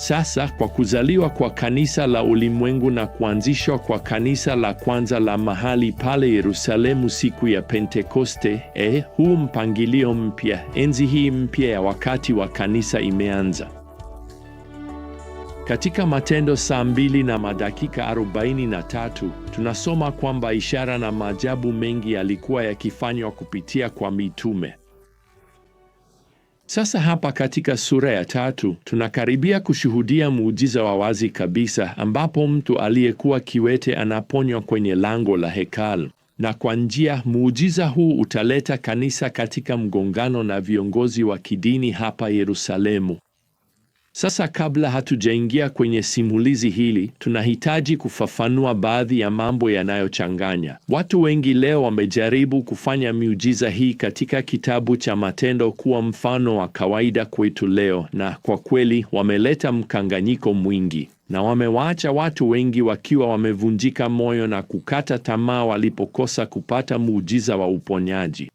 Sasa kwa kuzaliwa kwa kanisa la ulimwengu na kuanzishwa kwa kanisa la kwanza la mahali pale Yerusalemu siku ya Pentekoste, eh, huu mpangilio mpya, enzi hii mpya ya wakati wa kanisa imeanza. Katika Matendo saa mbili na madakika 43 tunasoma kwamba ishara na maajabu mengi yalikuwa yakifanywa kupitia kwa mitume. Sasa hapa katika sura ya tatu tunakaribia kushuhudia muujiza wa wazi kabisa ambapo mtu aliyekuwa kiwete anaponywa kwenye lango la hekalu. Na kwa njia, muujiza huu utaleta kanisa katika mgongano na viongozi wa kidini hapa Yerusalemu. Sasa, kabla hatujaingia kwenye simulizi hili, tunahitaji kufafanua baadhi ya mambo yanayochanganya. Watu wengi leo wamejaribu kufanya miujiza hii katika kitabu cha Matendo kuwa mfano wa kawaida kwetu leo, na kwa kweli wameleta mkanganyiko mwingi na wamewaacha watu wengi wakiwa wamevunjika moyo na kukata tamaa walipokosa kupata muujiza wa uponyaji.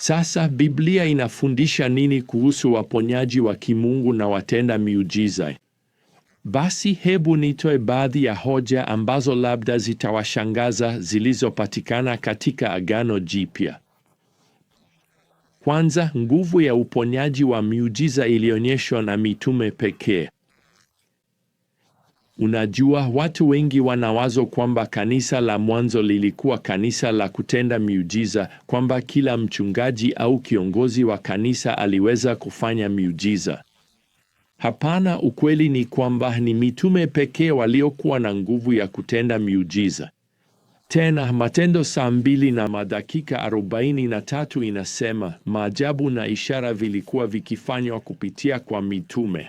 Sasa Biblia inafundisha nini kuhusu waponyaji wa kimungu na watenda miujiza? Basi hebu nitoe baadhi ya hoja ambazo labda zitawashangaza zilizopatikana katika Agano Jipya. Kwanza, nguvu ya uponyaji wa miujiza ilionyeshwa na mitume pekee. Unajua, watu wengi wanawazo kwamba kanisa la mwanzo lilikuwa kanisa la kutenda miujiza, kwamba kila mchungaji au kiongozi wa kanisa aliweza kufanya miujiza. Hapana, ukweli ni kwamba ni mitume pekee waliokuwa na nguvu ya kutenda miujiza. Tena Matendo saa mbili na madakika 43 inasema maajabu na ishara vilikuwa vikifanywa kupitia kwa mitume.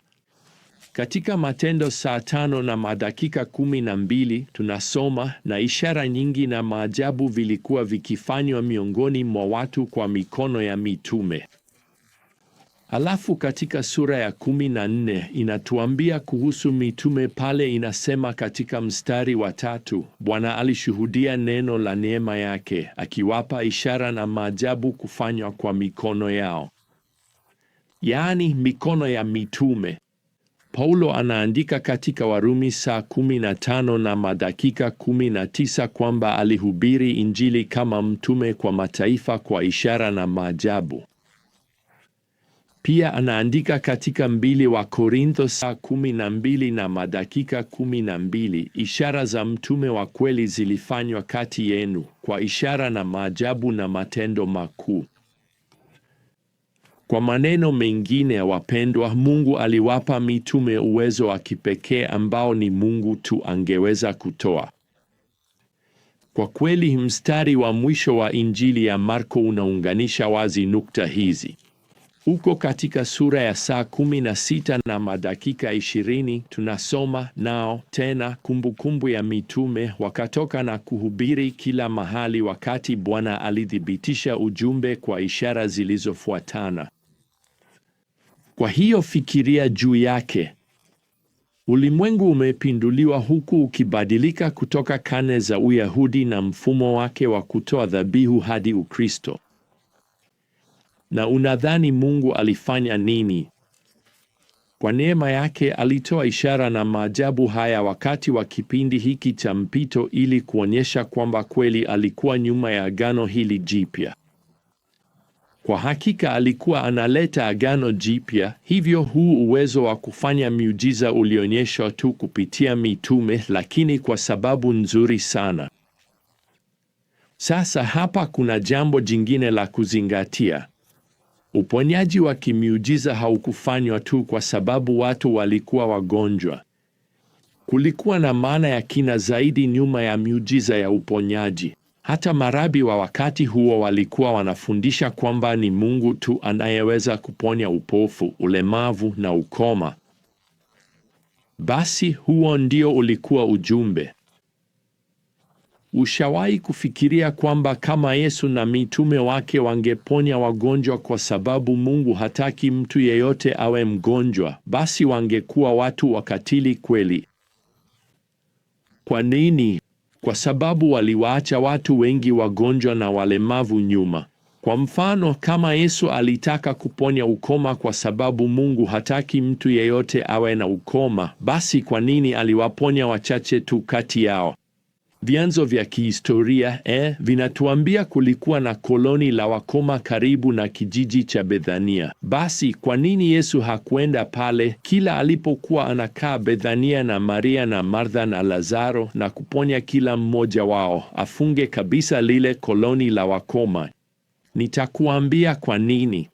Katika Matendo saa tano na madakika kumi na mbili tunasoma, na ishara nyingi na maajabu vilikuwa vikifanywa miongoni mwa watu kwa mikono ya mitume. Alafu katika sura ya kumi na nne inatuambia kuhusu mitume pale inasema katika mstari wa tatu, Bwana alishuhudia neno la neema yake akiwapa ishara na maajabu kufanywa kwa mikono yao, yaani mikono ya mitume. Paulo anaandika katika Warumi saa 15 na madakika tisa kwamba alihubiri Injili kama mtume kwa mataifa kwa ishara na maajabu. Pia anaandika katika mbili wa Korintho saa kumi na madakika mbili ishara za mtume wa kweli zilifanywa kati yenu kwa ishara na maajabu na matendo makuu. Kwa maneno mengine ya wapendwa, Mungu aliwapa mitume uwezo wa kipekee ambao ni Mungu tu angeweza kutoa. Kwa kweli, mstari wa mwisho wa Injili ya Marko unaunganisha wazi nukta hizi. Uko katika sura ya saa kumi na sita na madakika ishirini tunasoma nao tena, kumbukumbu ya mitume wakatoka na kuhubiri kila mahali, wakati Bwana alithibitisha ujumbe kwa ishara zilizofuatana. Kwa hiyo fikiria juu yake. Ulimwengu umepinduliwa huku ukibadilika kutoka kane za Uyahudi na mfumo wake wa kutoa dhabihu hadi Ukristo. Na unadhani Mungu alifanya nini? Kwa neema yake alitoa ishara na maajabu haya wakati wa kipindi hiki cha mpito ili kuonyesha kwamba kweli alikuwa nyuma ya agano hili jipya. Kwa hakika alikuwa analeta agano jipya, hivyo huu uwezo wa kufanya miujiza ulionyeshwa tu kupitia mitume, lakini kwa sababu nzuri sana. Sasa hapa kuna jambo jingine la kuzingatia. Uponyaji wa kimiujiza haukufanywa tu kwa sababu watu walikuwa wagonjwa. Kulikuwa na maana ya kina zaidi nyuma ya miujiza ya uponyaji. Hata marabi wa wakati huo walikuwa wanafundisha kwamba ni Mungu tu anayeweza kuponya upofu, ulemavu na ukoma. Basi huo ndio ulikuwa ujumbe. Ushawahi kufikiria kwamba kama Yesu na mitume wake wangeponya wagonjwa kwa sababu Mungu hataki mtu yeyote awe mgonjwa, basi wangekuwa watu wakatili kweli? Kwa nini? kwa sababu waliwaacha watu wengi wagonjwa na walemavu nyuma. Kwa mfano, kama Yesu alitaka kuponya ukoma kwa sababu Mungu hataki mtu yeyote awe na ukoma, basi kwa nini aliwaponya wachache tu kati yao? Vyanzo vya kihistoria eh, vinatuambia kulikuwa na koloni la Wakoma karibu na kijiji cha Bethania. Basi kwa nini Yesu hakwenda pale kila alipokuwa anakaa Bethania na Maria na Martha na Lazaro na kuponya kila mmoja wao, afunge kabisa lile koloni la Wakoma? Nitakuambia kwa nini.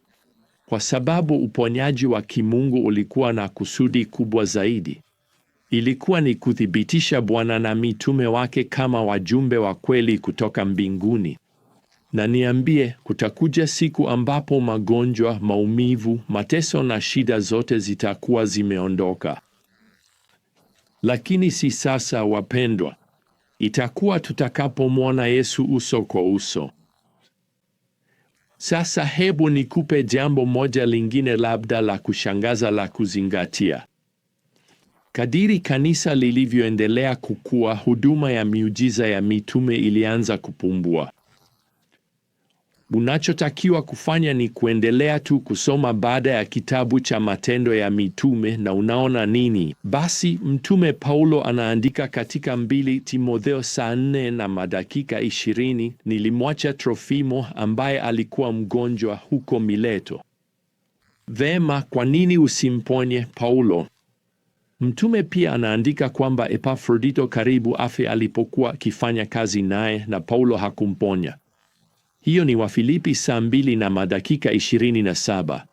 Kwa sababu uponyaji wa kimungu ulikuwa na kusudi kubwa zaidi. Ilikuwa ni kuthibitisha Bwana na mitume wake kama wajumbe wa kweli kutoka mbinguni. Na niambie, kutakuja siku ambapo magonjwa, maumivu, mateso na shida zote zitakuwa zimeondoka. Lakini si sasa, wapendwa. Itakuwa tutakapomwona Yesu uso kwa uso. Sasa hebu nikupe jambo moja lingine labda la kushangaza la kuzingatia. Kadiri kanisa lilivyoendelea kukua, huduma ya miujiza ya mitume ilianza kupumbua Unachotakiwa kufanya ni kuendelea tu kusoma baada ya kitabu cha Matendo ya Mitume na unaona nini? Basi mtume Paulo anaandika katika mbili Timotheo saa nne na madakika ishirini, nilimwacha Trofimo ambaye alikuwa mgonjwa huko Mileto. Vema, kwa nini usimponye Paulo? Mtume pia anaandika kwamba Epafrodito karibu afe alipokuwa akifanya kazi naye na Paulo hakumponya. Hiyo ni Wafilipi saa mbili na madakika saba.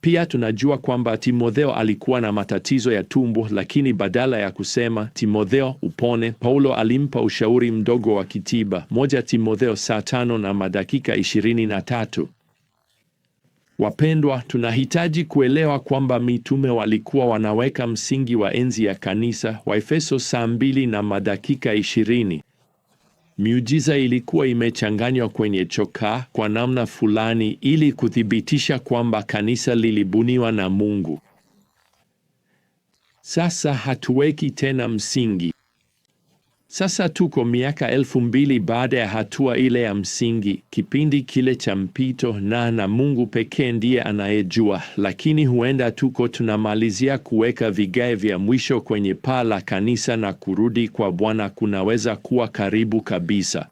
Pia tunajua kwamba Timotheo alikuwa na matatizo ya tumbo, lakini badala ya kusema Timotheo upone, Paulo alimpa ushauri mdogo wa kitiba. Moja Timotheo saa tano na madakika tatu. Wapendwa, tunahitaji kuelewa kwamba mitume walikuwa wanaweka msingi wa enzi ya kanisa, Waefeso saa mbili na madakika ishirini. Miujiza ilikuwa imechanganywa kwenye chokaa kwa namna fulani ili kuthibitisha kwamba kanisa lilibuniwa na Mungu. Sasa hatuweki tena msingi sasa tuko miaka elfu mbili baada ya hatua ile ya msingi, kipindi kile cha mpito, na na Mungu pekee ndiye anayejua, lakini huenda tuko tunamalizia kuweka vigae vya mwisho kwenye paa la kanisa, na kurudi kwa Bwana kunaweza kuwa karibu kabisa.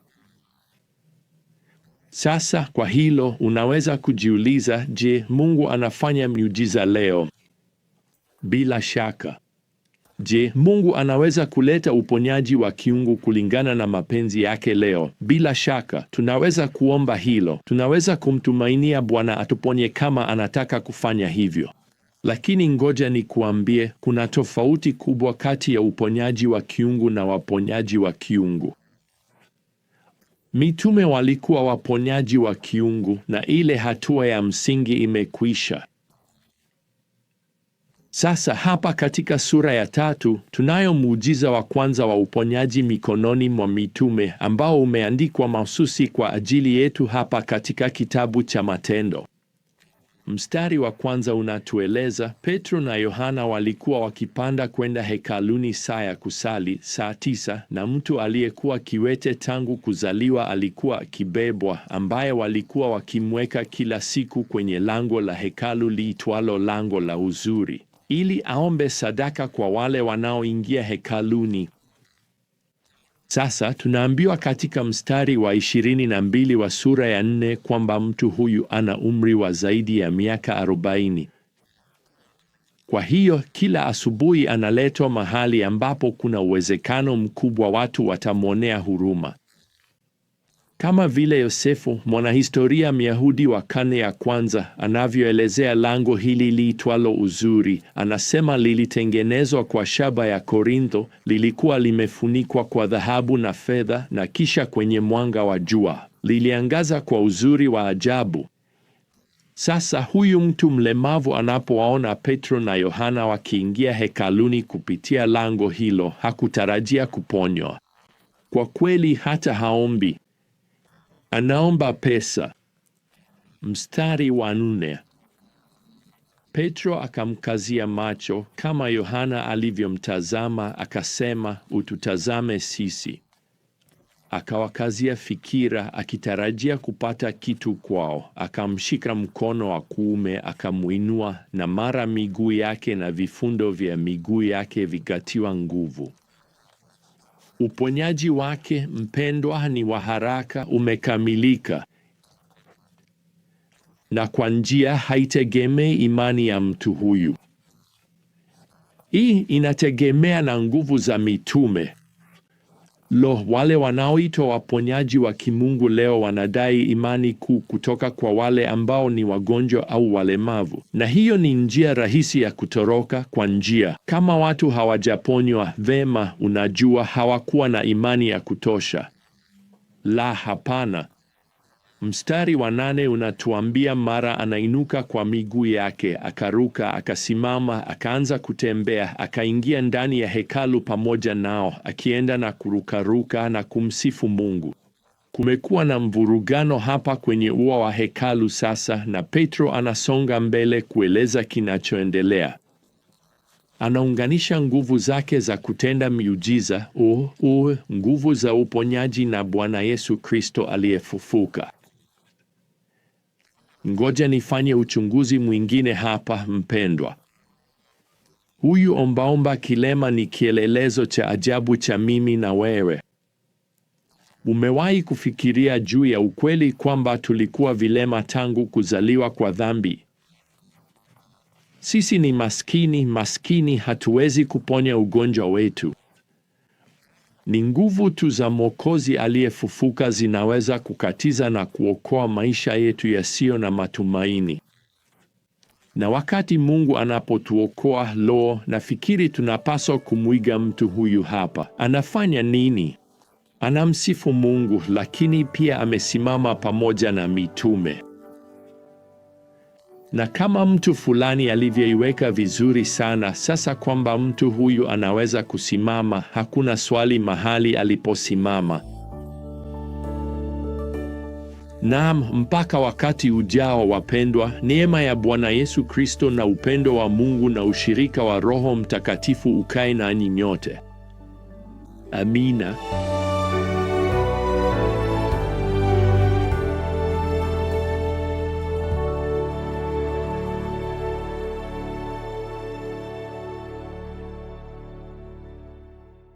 Sasa kwa hilo unaweza kujiuliza, je, Mungu anafanya miujiza leo? Bila shaka. Je, Mungu anaweza kuleta uponyaji wa kiungu kulingana na mapenzi yake leo? Bila shaka, tunaweza kuomba hilo. Tunaweza kumtumainia Bwana atuponye kama anataka kufanya hivyo. Lakini ngoja nikuambie, kuna tofauti kubwa kati ya uponyaji wa kiungu na waponyaji wa kiungu. Mitume walikuwa waponyaji wa kiungu na ile hatua ya msingi imekwisha. Sasa hapa katika sura ya tatu tunayo muujiza wa kwanza wa uponyaji mikononi mwa mitume ambao umeandikwa mahususi kwa ajili yetu hapa katika kitabu cha Matendo. Mstari wa kwanza unatueleza Petro na Yohana walikuwa wakipanda kwenda hekaluni saa ya kusali, saa tisa, na mtu aliyekuwa kiwete tangu kuzaliwa alikuwa akibebwa, ambaye walikuwa wakimweka kila siku kwenye lango la hekalu liitwalo lango la uzuri ili aombe sadaka kwa wale wanaoingia hekaluni. Sasa tunaambiwa katika mstari wa ishirini na mbili wa sura ya nne kwamba mtu huyu ana umri wa zaidi ya miaka arobaini. Kwa hiyo kila asubuhi analetwa mahali ambapo kuna uwezekano mkubwa watu watamwonea huruma. Kama vile Yosefu, mwanahistoria Myahudi wa karne ya kwanza, anavyoelezea lango hili liitwalo Uzuri, anasema lilitengenezwa kwa shaba ya Korintho, lilikuwa limefunikwa kwa dhahabu na fedha, na kisha kwenye mwanga wa jua liliangaza kwa uzuri wa ajabu. Sasa huyu mtu mlemavu anapowaona Petro na Yohana wakiingia hekaluni kupitia lango hilo, hakutarajia kuponywa. Kwa kweli hata haombi anaomba pesa. Mstari wa nne, Petro akamkazia macho kama Yohana alivyomtazama, akasema, ututazame sisi. Akawakazia fikira akitarajia kupata kitu kwao. Akamshika mkono wa kuume akamwinua, na mara miguu yake na vifundo vya miguu yake vikatiwa nguvu. Uponyaji wake mpendwa ni wa haraka, umekamilika, na kwa njia haitegemei imani ya mtu huyu. Hii inategemea na nguvu za mitume. Lo, wale wanaoitwa waponyaji wa kimungu leo wanadai imani kuu kutoka kwa wale ambao ni wagonjwa au walemavu, na hiyo ni njia rahisi ya kutoroka kwa njia. Kama watu hawajaponywa vema, unajua, hawakuwa na imani ya kutosha. La, hapana. Mstari wa nane unatuambia mara anainuka kwa miguu yake, akaruka, akasimama, akaanza kutembea, akaingia ndani ya hekalu pamoja nao, akienda na kurukaruka na kumsifu Mungu. Kumekuwa na mvurugano hapa kwenye ua wa hekalu sasa, na Petro anasonga mbele kueleza kinachoendelea. Anaunganisha nguvu zake za kutenda miujiza, uh, uh, nguvu za uponyaji na Bwana Yesu Kristo aliyefufuka. Ngoja nifanye uchunguzi mwingine hapa, mpendwa. Huyu ombaomba kilema ni kielelezo cha ajabu cha mimi na wewe. Umewahi kufikiria juu ya ukweli kwamba tulikuwa vilema tangu kuzaliwa kwa dhambi? Sisi ni maskini, maskini, hatuwezi kuponya ugonjwa wetu. Ni nguvu tu za Mwokozi aliyefufuka zinaweza kukatiza na kuokoa maisha yetu yasiyo na matumaini. Na wakati Mungu anapotuokoa, loo, nafikiri tunapaswa kumwiga mtu huyu hapa. Anafanya nini? Anamsifu Mungu, lakini pia amesimama pamoja na mitume na kama mtu fulani alivyoiweka vizuri sana sasa, kwamba mtu huyu anaweza kusimama, hakuna swali mahali aliposimama. Naam, mpaka wakati ujao, wapendwa, neema ya Bwana Yesu Kristo na upendo wa Mungu na ushirika wa Roho Mtakatifu ukae nanyi nyote. Amina.